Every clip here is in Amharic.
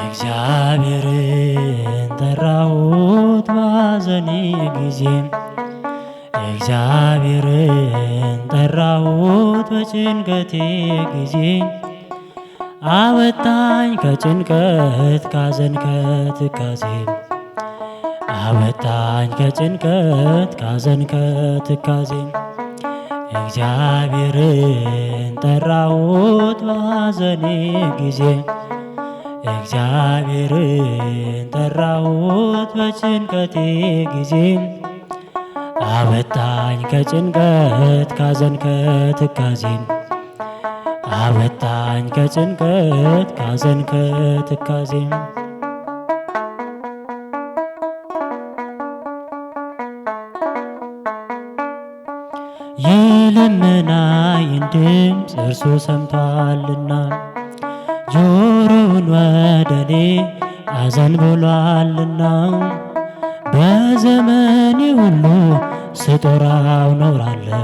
እግዚአብሔርን ጠራሁት ባዘኔ ጊዜ እግዚአብሔርን ጠራሁት በጭንቀቴ ጊዜ አወጣኝ ከጭንቀት ካዘን ከትካዜ አወጣኝ ከጭንቀት ካዘን ከትካዜ እግዚአብሔርን ጠራሁት ባዘኔ ጊዜ እግዚአብሔርን ጠራሁት በጭንቀቴ ጊዜ አወጣኝ ከጭንቀት ካዘን ከትካዜ አወጣኝ ከጭንቀት ካዘን ከትካዜ የልመናዬን ድምፅ እርሱ ሰምቷልና ጆሮውን ወደ እኔ አዘንብሏልና በዘመኔ ሁሉ ስጦታው ኖራለሁ።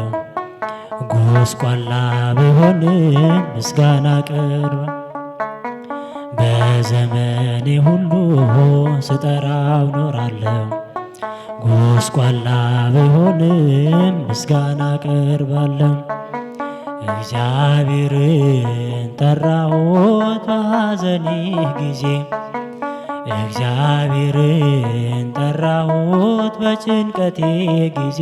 ጎስቋላ ብሆንም ምስጋና ቀርቧል። በዘመኔ ሁሉ ስጠራው ኖራለሁ ጎስቋላ ብሆንም ምስጋና አቀርባለሁ። እግዚአብሔርን ጠራሁት በሐዘኔ ጊዜ፣ እግዚአብሔርን ጠራሁት በጭንቀቴ ጊዜ።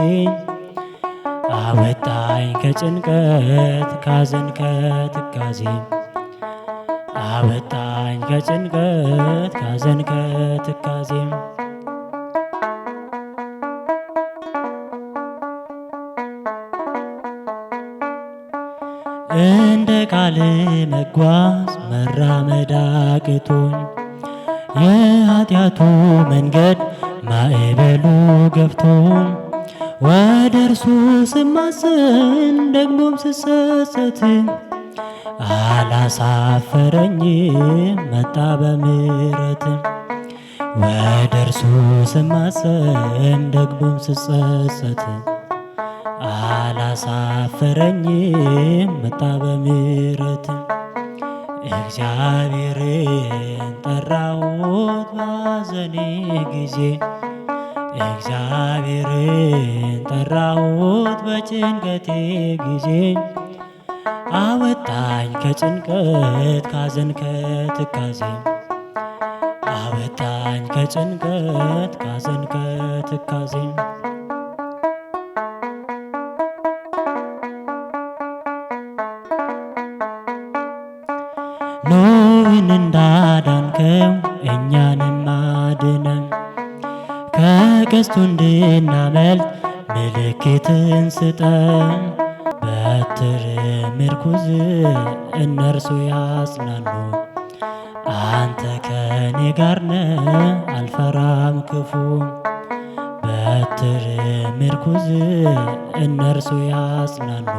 አወጣኝ ከጭንቀት ካዘን ከትካዜ፣ አወጣኝ ከጭንቀት ካዘን ከትካዜ እንደ ቃል መጓዝ መራመድ አቅቶኝ የኃጢአቱ መንገድ ማዕበሉ ገብቶኝ ወደ እርሱ ስማጽን ደግሞም ስሰሰት አላሳፈረኝ መጣ በምረት ወደ እርሱ ስማጽን ደግሞም ስሰሰት አላሳፈረኝም መጣ በምሕረት እግዚአብሔርን ጠራሁት ባዘኔ ጊዜ እግዚአብሔርን ጠራሁት በጭንቀቴ ጊዜ አወጣኝ ከጭንቀት ካዘን ከትካዜ አወጣኝ ከጭንቀት ካዘን ከትካዜ ዓለምን እንዳዳንከው እኛን አድነን ከቀስቱ እንድናመልጥ ምልክትን ስጠን። በትር ምርኩዝ እነርሱ ያጽናሉ። አንተ ከኔ ጋር ነህ አልፈራም ክፉ። በትር ምርኩዝ እነርሱ ያጽናሉ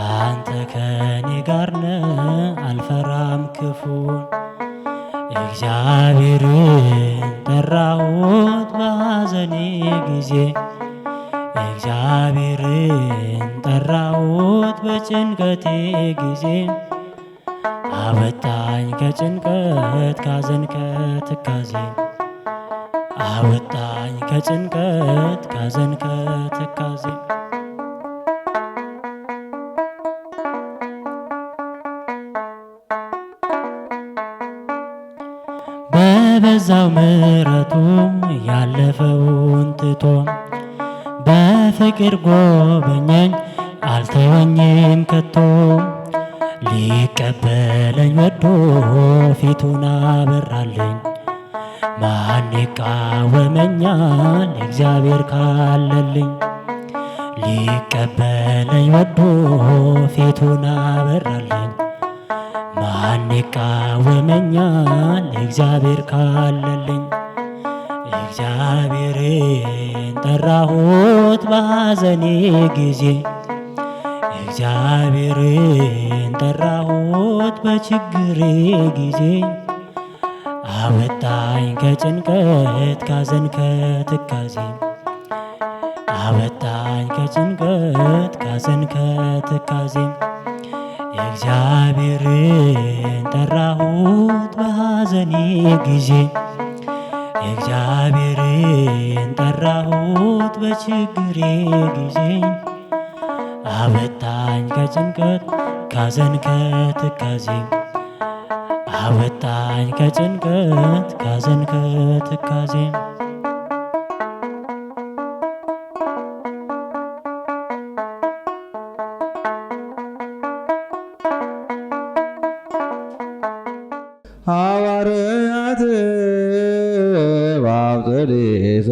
አንተ ከኔ ጋር ነህ አልፈራም ክፉን። እግዚአብሔርን ጠራሁት በሐዘኔ ጊዜ እግዚአብሔርን ጠራሁት በጭንቀቴ ጊዜ አወጣኝ ከጭንቀት ካዘን ከትካዜ አወጣኝ ከጭንቀት ካዘን ከትካዜ በበዛው ምረቱ ያለፈውን ትቶ በፍቅር ጎበኘኝ አልተወኝም ከቶ ሊቀበለኝ ወዶ ፊቱን አበራለኝ። ማን ይቃወመኛል እግዚአብሔር ካለልኝ? ሊቀበለኝ ወዶ ፊቱን አበራለኝ። ማንቃወመኛል እግዚአብሔር ካለልኝ እግዚአብሔርን ጠራሁት ባዘኔ ጊዜ እግዚአብሔርን ጠራሁት በችግሬ ጊዜ አወጣኝ ከጭንቀት ካዘን ከትካዜ አወጣኝ ከጭንቀት ካዘን ከትካዜ እግዚአብሔርን ጠራሁት በሐዘኔ ጊዜ እግዚአብሔርን ጠራሁት በችግሬ ጊዜ አወጣኝ ከጭንቀት ካዘን ከትካዜ አወጣኝ ከጭንቀት ካዘን ከትካዜ Bhagavad